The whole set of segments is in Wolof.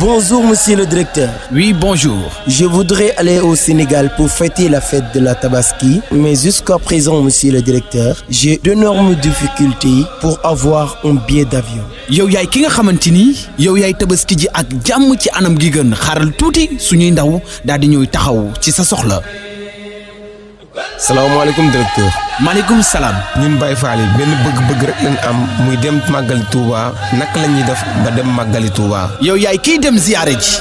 Bonjour, monsieur le directeur. Oui, bonjour. Je voudrais aller au Sénégal pour fêter la fête de la Tabaski, mais jusqu'à présent, monsieur le directeur, j'ai d'énormes difficultés pour avoir un billet d'avion. yow yaay ki nga xamante ni yow yaay tabaski ji ak jàmm ci anam gi gën xaaral tuuti suñuy ndaw daal di ñëw taxaw ci sa soxla. salaamaaleykum directeur. maaleykum salaam. ñun Baye Fall yi benn bëgg-bëgg rek lañ am muy dem màggali Touba naka la ñuy def ba dem màggali Touba. yow yaay kii dem ziyaare ji.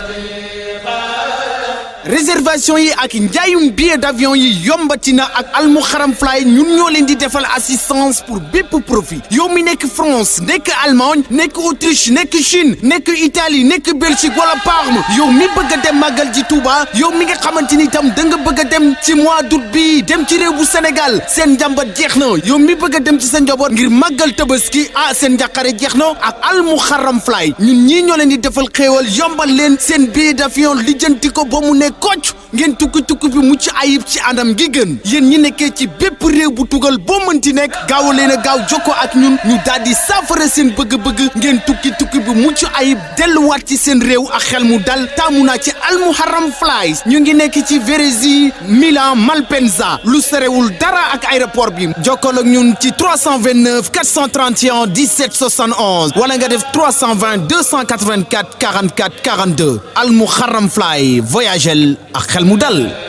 réservation yi ak njaayum billet d'avion yi yombati na ak almuxaram fly ñun ñoo leen di defal assistance pour bépp profit yow mi nekk France nekk Allemagne nekk Autriche nekk Chine nekk Italie nekk Belgique wala Parme yow mi bëgg dem màggal ji Touba yow mi nga xamante ni tam da nga bëgg a dem ci mois d'août bi dem ci réew bu Sénégal seen njàmbat jeex na yow mi bëgg dem ci sa njaboot ngir màggal tabaski ah seen njàqare jeex na ak almuxaram fly ñun ñii ñoo leen di defal xéewal leen seen billet d'avion lijjanti ko mu nekk kocc ngeen tukki tukki bi mucc ayib ci anam gi gën yéen ñi nekkee ci bépp réew bu tugal boo mënti nekk gaaw leen a gaaw jokkoo ak ñun ñu daal di saafara seen bëgg-bëgg ngeen tukki tukki bi mucc ayib delluwaat ci seen réew ak xel mu dal taamu naa ci almuharam flies ñu ngi nekk ci Vérésie Milan Malpensa lu serewul dara ak aéroport bi jokkoo ak ñun ci 329 431 17 71 wala nga def 320 284 44 42 almuharam fly voyagel ak xel mu dal